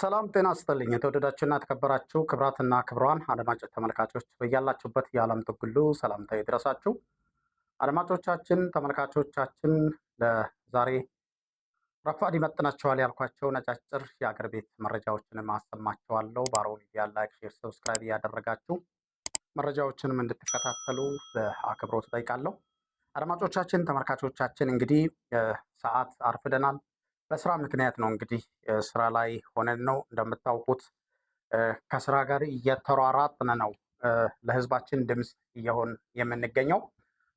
ሰላም ጤና ስጥልኝ። የተወደዳችሁና የተከበራችሁ ክብራትና ክብሯን አድማጮች ተመልካቾች በያላችሁበት የዓለም ትጉሉ ሰላምታ ይድረሳችሁ። አድማጮቻችን ተመልካቾቻችን ለዛሬ ረፋድ ይመጥናቸዋል ያልኳቸው ነጫጭር የአገር ቤት መረጃዎችን አሰማችኋለሁ። ባሮ ሚዲያ ላይክ፣ ሼር፣ ሰብስክራይብ እያደረጋችሁ መረጃዎችንም እንድትከታተሉ በአክብሮት እጠይቃለሁ። አድማጮቻችን ተመልካቾቻችን እንግዲህ ሰዓት አርፍደናል። በስራ ምክንያት ነው እንግዲህ ስራ ላይ ሆነን ነው እንደምታውቁት ከስራ ጋር እየተሯራጥን ነው ለህዝባችን ድምፅ እየሆን የምንገኘው።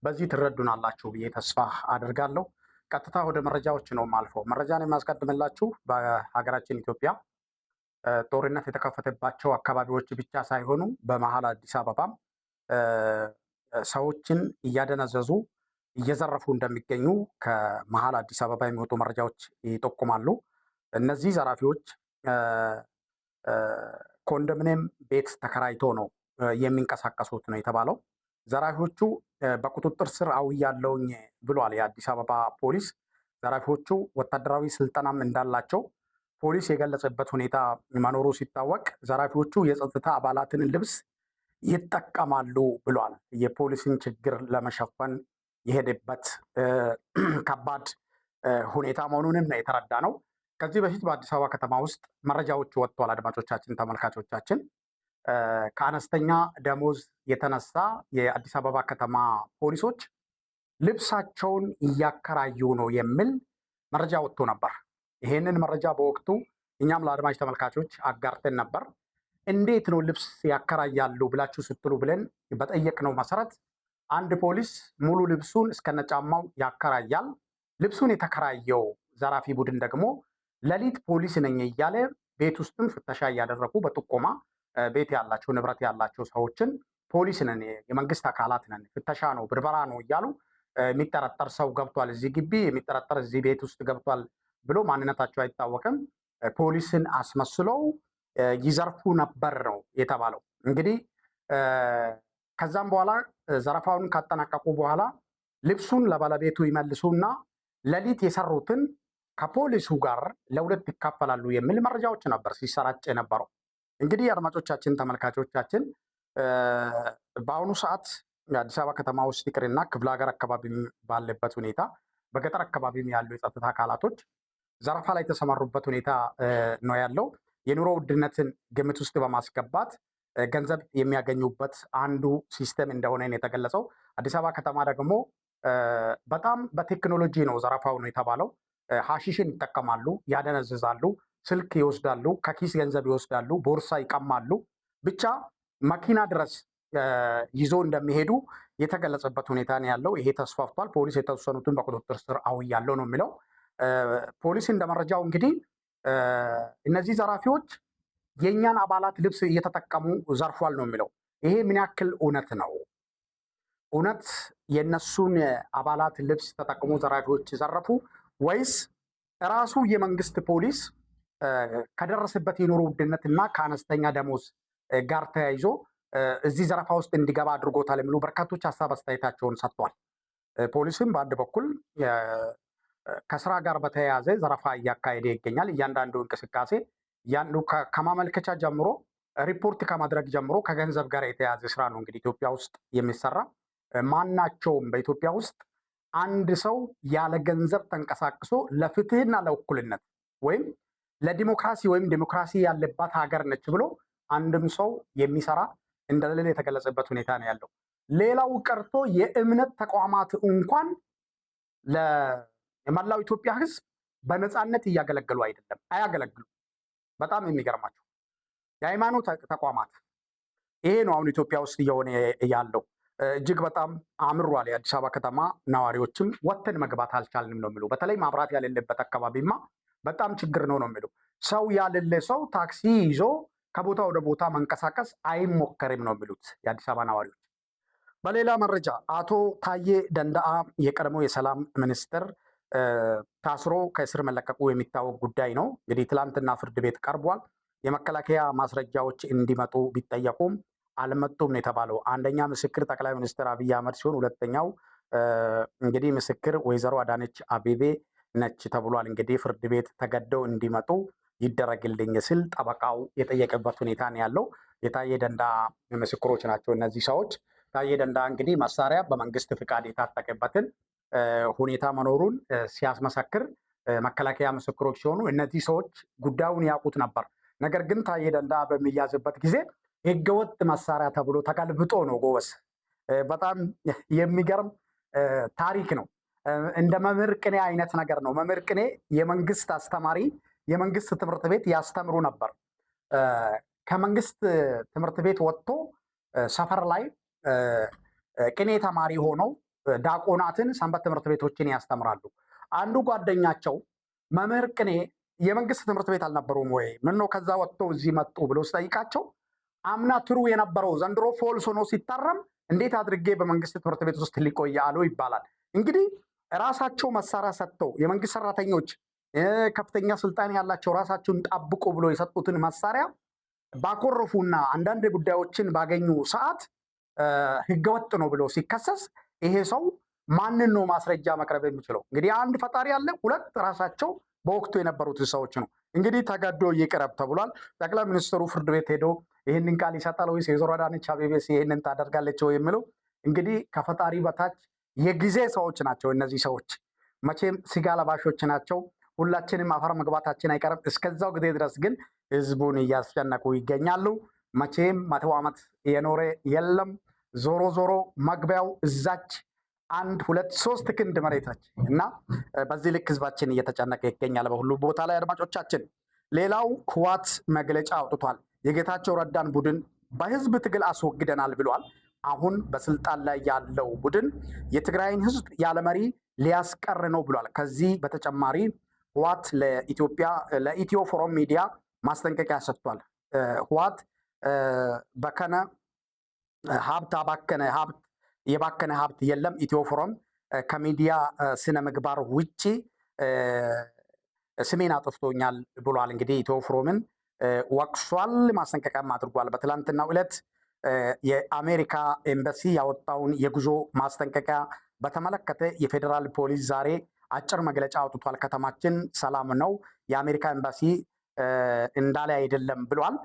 በዚህ ትረዱናላችሁ ብዬ ተስፋ አድርጋለሁ። ቀጥታ ወደ መረጃዎች ነው ማልፎ መረጃን የማስቀድምላችሁ በሀገራችን ኢትዮጵያ ጦርነት የተከፈተባቸው አካባቢዎች ብቻ ሳይሆኑ በመሀል አዲስ አበባም ሰዎችን እያደነዘዙ እየዘረፉ እንደሚገኙ ከመሀል አዲስ አበባ የሚወጡ መረጃዎች ይጠቁማሉ። እነዚህ ዘራፊዎች ኮንዶሚኒየም ቤት ተከራይቶ ነው የሚንቀሳቀሱት ነው የተባለው። ዘራፊዎቹ በቁጥጥር ስር አውያለሁኝ ብሏል የአዲስ አበባ ፖሊስ። ዘራፊዎቹ ወታደራዊ ስልጠናም እንዳላቸው ፖሊስ የገለጸበት ሁኔታ መኖሩ ሲታወቅ ዘራፊዎቹ የጸጥታ አባላትን ልብስ ይጠቀማሉ ብሏል። የፖሊስን ችግር ለመሸፈን የሄደበት ከባድ ሁኔታ መሆኑንም ነው የተረዳ ነው። ከዚህ በፊት በአዲስ አበባ ከተማ ውስጥ መረጃዎች ወጥቷል። አድማጮቻችን፣ ተመልካቾቻችን ከአነስተኛ ደሞዝ የተነሳ የአዲስ አበባ ከተማ ፖሊሶች ልብሳቸውን እያከራዩ ነው የሚል መረጃ ወጥቶ ነበር። ይሄንን መረጃ በወቅቱ እኛም ለአድማጭ ተመልካቾች አጋርተን ነበር። እንዴት ነው ልብስ ያከራያሉ ብላችሁ ስትሉ ብለን በጠየቅነው መሰረት አንድ ፖሊስ ሙሉ ልብሱን እስከነጫማው ያከራያል። ልብሱን የተከራየው ዘራፊ ቡድን ደግሞ ሌሊት ፖሊስ ነኝ እያለ ቤት ውስጥም ፍተሻ እያደረጉ በጥቆማ ቤት ያላቸው ንብረት ያላቸው ሰዎችን ፖሊስ ነን፣ የመንግስት አካላት ነን፣ ፍተሻ ነው፣ ብርበራ ነው እያሉ የሚጠረጠር ሰው ገብቷል፣ እዚህ ግቢ የሚጠረጠር እዚህ ቤት ውስጥ ገብቷል ብሎ ማንነታቸው አይታወቅም ፖሊስን አስመስለው ይዘርፉ ነበር ነው የተባለው እንግዲህ ከዛም በኋላ ዘረፋውን ካጠናቀቁ በኋላ ልብሱን ለባለቤቱ ይመልሱና ሌሊት የሰሩትን ከፖሊሱ ጋር ለሁለት ይካፈላሉ የሚል መረጃዎች ነበር ሲሰራጭ የነበረው። እንግዲህ አድማጮቻችን፣ ተመልካቾቻችን በአሁኑ ሰዓት የአዲስ አበባ ከተማ ውስጥ ይቅርና ክፍለ ሀገር አካባቢ ባለበት ሁኔታ በገጠር አካባቢም ያሉ የጸጥታ አካላቶች ዘረፋ ላይ የተሰማሩበት ሁኔታ ነው ያለው። የኑሮ ውድነትን ግምት ውስጥ በማስገባት ገንዘብ የሚያገኙበት አንዱ ሲስተም እንደሆነ የተገለጸው። አዲስ አበባ ከተማ ደግሞ በጣም በቴክኖሎጂ ነው ዘረፋው ነው የተባለው። ሀሺሽን ይጠቀማሉ፣ ያደነዝዛሉ፣ ስልክ ይወስዳሉ፣ ከኪስ ገንዘብ ይወስዳሉ፣ ቦርሳ ይቀማሉ፣ ብቻ መኪና ድረስ ይዞ እንደሚሄዱ የተገለጸበት ሁኔታ ነው ያለው። ይሄ ተስፋፍቷል። ፖሊስ የተወሰኑትን በቁጥጥር ስር አውያለው ነው የሚለው ፖሊስ እንደ መረጃው እንግዲህ እነዚህ ዘራፊዎች የእኛን አባላት ልብስ እየተጠቀሙ ዘርፏል ነው የሚለው። ይሄ ምን ያክል እውነት ነው? እውነት የእነሱን አባላት ልብስ ተጠቅሞ ዘራፊዎች ዘረፉ ወይስ ራሱ የመንግስት ፖሊስ ከደረሰበት የኑሮ ውድነት እና ከአነስተኛ ደሞዝ ጋር ተያይዞ እዚህ ዘረፋ ውስጥ እንዲገባ አድርጎታል የሚሉ በርካቶች ሀሳብ አስተያየታቸውን ሰጥቷል። ፖሊስም በአንድ በኩል ከስራ ጋር በተያያዘ ዘረፋ እያካሄደ ይገኛል። እያንዳንዱ እንቅስቃሴ ከማመልከቻ ጀምሮ ሪፖርት ከማድረግ ጀምሮ ከገንዘብ ጋር የተያዘ ስራ ነው እንግዲህ ኢትዮጵያ ውስጥ የሚሰራ። ማናቸውም በኢትዮጵያ ውስጥ አንድ ሰው ያለ ገንዘብ ተንቀሳቅሶ ለፍትህና ለእኩልነት ወይም ለዲሞክራሲ ወይም ዲሞክራሲ ያለባት ሀገር ነች ብሎ አንድም ሰው የሚሰራ እንደሌለ የተገለጸበት ሁኔታ ነው ያለው። ሌላው ቀርቶ የእምነት ተቋማት እንኳን ለመላው ኢትዮጵያ ሕዝብ በነፃነት እያገለገሉ አይደለም፣ አያገለግሉም። በጣም የሚገርማቸው የሃይማኖት ተቋማት ይሄ ነው አሁን ኢትዮጵያ ውስጥ እየሆነ ያለው። እጅግ በጣም አምሯል። የአዲስ አበባ ከተማ ነዋሪዎችም ወተን መግባት አልቻልንም ነው የሚሉ። በተለይ ማብራት ያሌለበት አካባቢማ በጣም ችግር ነው ነው የሚሉ። ሰው ያሌለ ሰው ታክሲ ይዞ ከቦታ ወደ ቦታ መንቀሳቀስ አይሞከርም ነው የሚሉት የአዲስ አበባ ነዋሪዎች። በሌላ መረጃ አቶ ታዬ ደንዳአ የቀድሞ የሰላም ሚኒስትር ታስሮ ከእስር መለቀቁ የሚታወቅ ጉዳይ ነው። እንግዲህ ትላንትና ፍርድ ቤት ቀርቧል። የመከላከያ ማስረጃዎች እንዲመጡ ቢጠየቁም አልመጡም ነው የተባለው። አንደኛ ምስክር ጠቅላይ ሚኒስትር አብይ አህመድ ሲሆን ሁለተኛው እንግዲህ ምስክር ወይዘሮ አዳነች አቤቤ ነች ተብሏል። እንግዲህ ፍርድ ቤት ተገደው እንዲመጡ ይደረግልኝ ስል ጠበቃው የጠየቀበት ሁኔታ ነው ያለው። የታየ ደንዳ ምስክሮች ናቸው እነዚህ ሰዎች። ታየ ደንዳ እንግዲህ መሳሪያ በመንግስት ፍቃድ የታጠቀበትን ሁኔታ መኖሩን ሲያስመሰክር መከላከያ ምስክሮች ሲሆኑ እነዚህ ሰዎች ጉዳዩን ያውቁት ነበር። ነገር ግን ታዬ በሚያዝበት ጊዜ ህገወጥ መሳሪያ ተብሎ ተገልብጦ ነው። ጎበስ በጣም የሚገርም ታሪክ ነው። እንደ መምህር ቅኔ አይነት ነገር ነው። መምህር ቅኔ የመንግስት አስተማሪ የመንግስት ትምህርት ቤት ያስተምሩ ነበር። ከመንግስት ትምህርት ቤት ወጥቶ ሰፈር ላይ ቅኔ ተማሪ ሆነው ዳቆናትን ሰንበት ትምህርት ቤቶችን ያስተምራሉ። አንዱ ጓደኛቸው መምህር ቅኔ የመንግስት ትምህርት ቤት አልነበሩም ወይ? ምነው ከዛ ወጥቶ እዚህ መጡ ብሎ ስጠይቃቸው አምና ትሩ የነበረው ዘንድሮ ፎልስ ሆኖ ሲታረም እንዴት አድርጌ በመንግስት ትምህርት ቤት ውስጥ ሊቆይ አሉ ይባላል። እንግዲህ ራሳቸው መሳሪያ ሰጥተው የመንግስት ሰራተኞች ከፍተኛ ስልጣን ያላቸው ራሳቸውን ጠብቁ ብሎ የሰጡትን መሳሪያ ባኮረፉና አንዳንድ ጉዳዮችን ባገኙ ሰዓት ህገወጥ ነው ብሎ ሲከሰስ ይሄ ሰው ማንን ነው ማስረጃ መቅረብ የሚችለው? እንግዲህ አንድ ፈጣሪ አለ፣ ሁለት ራሳቸው በወቅቱ የነበሩት ሰዎች ነው። እንግዲህ ተገዶ ይቅረብ ተብሏል። ጠቅላይ ሚኒስትሩ ፍርድ ቤት ሄዶ ይህንን ቃል ይሰጣል ወይስ ወይዘሮ አዳነች አቤቤስ ይህንን ታደርጋለች ወይ የሚለው እንግዲህ ከፈጣሪ በታች የጊዜ ሰዎች ናቸው። እነዚህ ሰዎች መቼም ስጋ ለባሾች ናቸው። ሁላችንም አፈር መግባታችን አይቀርም። እስከዛው ጊዜ ድረስ ግን ህዝቡን እያስጨነቁ ይገኛሉ። መቼም መቶ ዓመት የኖረ የለም። ዞሮ ዞሮ መግቢያው እዛች አንድ ሁለት ሶስት ክንድ መሬታች እና በዚህ ልክ ህዝባችን እየተጨነቀ ይገኛል በሁሉ ቦታ ላይ አድማጮቻችን። ሌላው ህወሓት መግለጫ አውጥቷል። የጌታቸው ረዳን ቡድን በህዝብ ትግል አስወግደናል ብሏል። አሁን በስልጣን ላይ ያለው ቡድን የትግራይን ህዝብ ያለመሪ ሊያስቀር ነው ብሏል። ከዚህ በተጨማሪ ህወሓት ለኢትዮጵያ ለኢትዮ ፎረም ሚዲያ ማስጠንቀቂያ ሰጥቷል። ህወሓት በከነ ሀብት አባከነ ሀብት የባከነ ሀብት የለም። ኢትዮፎረም ከሚዲያ ስነ ምግባር ውጭ ስሜን አጥፍቶኛል ብሏል። እንግዲህ ኢትዮፎረምን ወቅሷል፣ ማስጠንቀቂያም አድርጓል። በትላንትናው ዕለት የአሜሪካ ኤምባሲ ያወጣውን የጉዞ ማስጠንቀቂያ በተመለከተ የፌዴራል ፖሊስ ዛሬ አጭር መግለጫ አውጥቷል። ከተማችን ሰላም ነው፣ የአሜሪካ ኤምባሲ እንዳለ አይደለም ብሏል።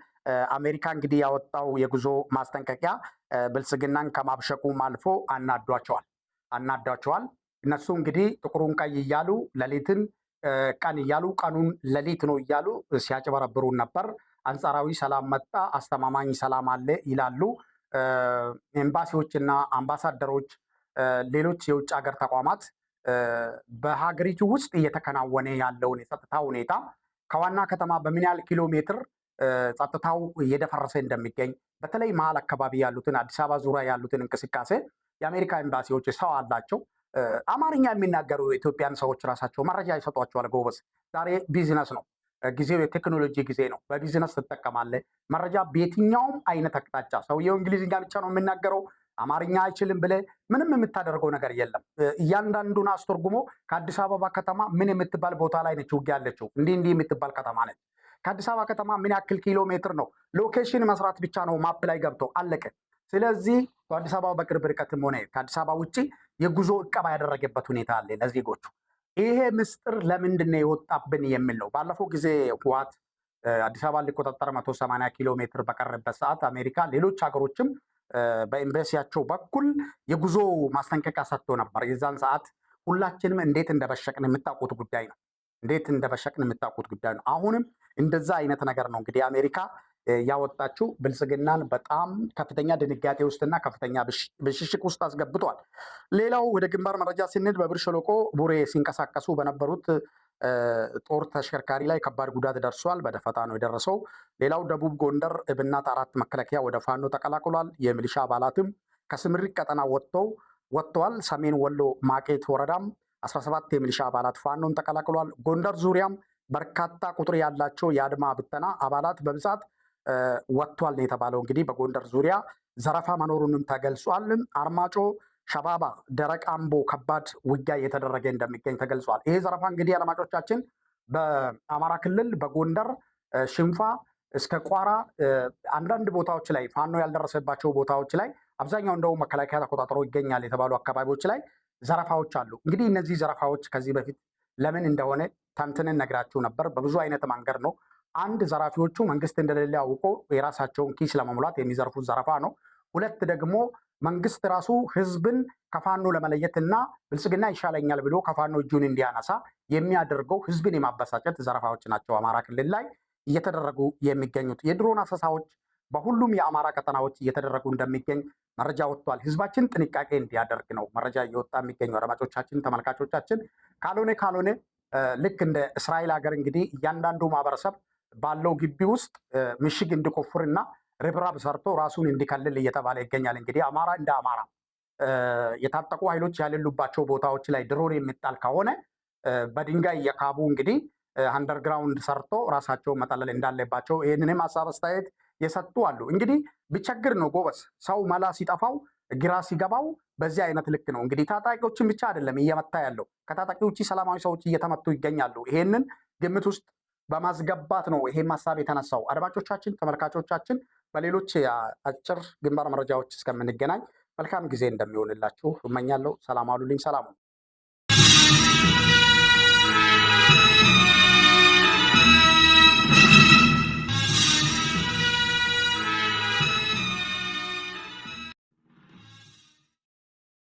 አሜሪካ እንግዲህ ያወጣው የጉዞ ማስጠንቀቂያ ብልጽግናን ከማብሸቁም አልፎ አናዷቸዋል አናዷቸዋል። እነሱ እንግዲህ ጥቁሩን ቀይ እያሉ ሌሊትን ቀን እያሉ ቀኑን ሌሊት ነው እያሉ ሲያጭበረብሩን ነበር። አንጻራዊ ሰላም መጣ፣ አስተማማኝ ሰላም አለ ይላሉ። ኤምባሲዎችና አምባሳደሮች፣ ሌሎች የውጭ ሀገር ተቋማት በሀገሪቱ ውስጥ እየተከናወነ ያለውን የጸጥታ ሁኔታ ከዋና ከተማ በምን ያህል ኪሎ ሜትር ጸጥታው እየደፈረሰ እንደሚገኝ በተለይ መሀል አካባቢ ያሉትን አዲስ አበባ ዙሪያ ያሉትን እንቅስቃሴ የአሜሪካ ኤምባሲዎች ሰው አላቸው። አማርኛ የሚናገሩ የኢትዮጵያን ሰዎች ራሳቸው መረጃ ይሰጧቸዋል። ጎበዝ፣ ዛሬ ቢዝነስ ነው፣ ጊዜው የቴክኖሎጂ ጊዜ ነው። በቢዝነስ ትጠቀማለህ። መረጃ በየትኛውም አይነት አቅጣጫ ሰውየው እንግሊዝኛ ብቻ ነው የሚናገረው አማርኛ አይችልም ብለህ ምንም የምታደርገው ነገር የለም። እያንዳንዱን አስተርጉሞ ከአዲስ አበባ ከተማ ምን የምትባል ቦታ ላይ ነች ውጊያ ያለችው እንዲህ እንዲህ የምትባል ከተማ ነች ከአዲስ አበባ ከተማ ምን ያክል ኪሎ ሜትር ነው? ሎኬሽን መስራት ብቻ ነው ማፕ ላይ ገብቶ አለቀ። ስለዚህ በአዲስ አበባ በቅርብ ርቀትም ሆነ ከአዲስ አበባ ውጭ የጉዞ እቀባ ያደረገበት ሁኔታ አለ ለዜጎቹ። ይሄ ምስጢር ለምንድነው የወጣብን የሚል ነው። ባለፈው ጊዜ ህዋት አዲስ አበባ ሊቆጣጠር መቶ ሰማንያ ኪሎ ሜትር በቀረበት ሰዓት አሜሪካ፣ ሌሎች ሀገሮችም በኤምባሲያቸው በኩል የጉዞ ማስጠንቀቂያ ሰጥቶ ነበር። የዛን ሰዓት ሁላችንም እንዴት እንደበሸቅን የምታውቁት ጉዳይ ነው። እንዴት እንደበሸቅን የምታውቁት ጉዳይ ነው። አሁንም እንደዛ አይነት ነገር ነው እንግዲህ አሜሪካ ያወጣችው ብልጽግናን በጣም ከፍተኛ ድንጋጤ ውስጥና ከፍተኛ ብሽሽቅ ውስጥ አስገብቷል። ሌላው ወደ ግንባር መረጃ ስንሄድ በብር ሸለቆ ቡሬ ሲንቀሳቀሱ በነበሩት ጦር ተሽከርካሪ ላይ ከባድ ጉዳት ደርሷል። በደፈጣ ነው የደረሰው። ሌላው ደቡብ ጎንደር እብናት አራት መከላከያ ወደ ፋኖ ተቀላቅሏል። የሚሊሻ አባላትም ከስምሪት ቀጠና ወጥተው ወጥተዋል። ሰሜን ወሎ ማቄት ወረዳም 17 የሚሊሻ አባላት ፋኖን ተቀላቅሏል። ጎንደር ዙሪያም በርካታ ቁጥር ያላቸው የአድማ ብተና አባላት በብዛት ወጥቷል ነው የተባለው። እንግዲህ በጎንደር ዙሪያ ዘረፋ መኖሩንም ተገልጿል። አርማጮ፣ ሸባባ፣ ደረቅ አምቦ ከባድ ውጊያ እየተደረገ እንደሚገኝ ተገልጿል። ይሄ ዘረፋ እንግዲህ አድማጮቻችን በአማራ ክልል በጎንደር ሽንፋ እስከ ቋራ አንዳንድ ቦታዎች ላይ ፋኖ ያልደረሰባቸው ቦታዎች ላይ አብዛኛው እንደው መከላከያ ተቆጣጥሮ ይገኛል የተባሉ አካባቢዎች ላይ ዘረፋዎች አሉ። እንግዲህ እነዚህ ዘረፋዎች ከዚህ በፊት ለምን እንደሆነ ተንትንን ነግራችሁ ነበር። በብዙ አይነት መንገድ ነው። አንድ ዘራፊዎቹ መንግስት እንደሌለ አውቆ የራሳቸውን ኪስ ለመሙላት የሚዘርፉት ዘረፋ ነው። ሁለት ደግሞ መንግስት ራሱ ህዝብን ከፋኖ ለመለየት እና ብልጽግና ይሻለኛል ብሎ ከፋኖ እጁን እንዲያነሳ የሚያደርገው ህዝብን የማበሳጨት ዘረፋዎች ናቸው አማራ ክልል ላይ እየተደረጉ የሚገኙት የድሮን አሰሳዎች በሁሉም የአማራ ቀጠናዎች እየተደረጉ እንደሚገኝ መረጃ ወጥቷል። ህዝባችን ጥንቃቄ እንዲያደርግ ነው መረጃ እየወጣ የሚገኙ አድማጮቻችን፣ ተመልካቾቻችን። ካልሆነ ካልሆነ ልክ እንደ እስራኤል ሀገር እንግዲህ እያንዳንዱ ማህበረሰብ ባለው ግቢ ውስጥ ምሽግ እንዲቆፍር እና ርብራብ ሰርቶ ራሱን እንዲከልል እየተባለ ይገኛል። እንግዲህ አማራ እንደ አማራ የታጠቁ ኃይሎች ያሌሉባቸው ቦታዎች ላይ ድሮን የሚጣል ከሆነ በድንጋይ የካቡ እንግዲህ አንደርግራውንድ ሰርቶ ራሳቸውን መጠለል እንዳለባቸው ይህንንም ሀሳብ አስተያየት የሰጡ አሉ። እንግዲህ ቢቸግር ነው ጎበዝ ሰው መላ ሲጠፋው ግራ ሲገባው በዚህ አይነት ልክ ነው እንግዲህ ታጣቂዎችን ብቻ አይደለም እየመታ ያለው ከታጣቂ ውጭ ሰላማዊ ሰዎች እየተመቱ ይገኛሉ። ይሄንን ግምት ውስጥ በማስገባት ነው ይሄም ሀሳብ የተነሳው። አድማጮቻችን፣ ተመልካቾቻችን በሌሎች አጭር ግንባር መረጃዎች እስከምንገናኝ መልካም ጊዜ እንደሚሆንላችሁ እመኛለሁ። ሰላም አሉልኝ። ሰላሙ